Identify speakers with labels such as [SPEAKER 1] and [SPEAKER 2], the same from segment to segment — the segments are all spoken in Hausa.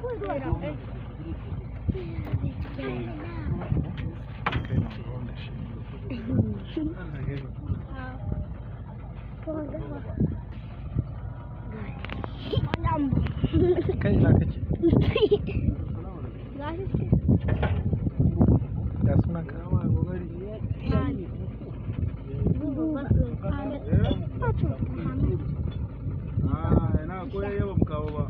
[SPEAKER 1] Kai na kake? Ya suna kama gogari. Ah, ina koyayya ba mu kawo ba.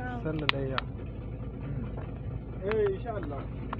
[SPEAKER 1] السله آه. اللي ايه ان شاء الله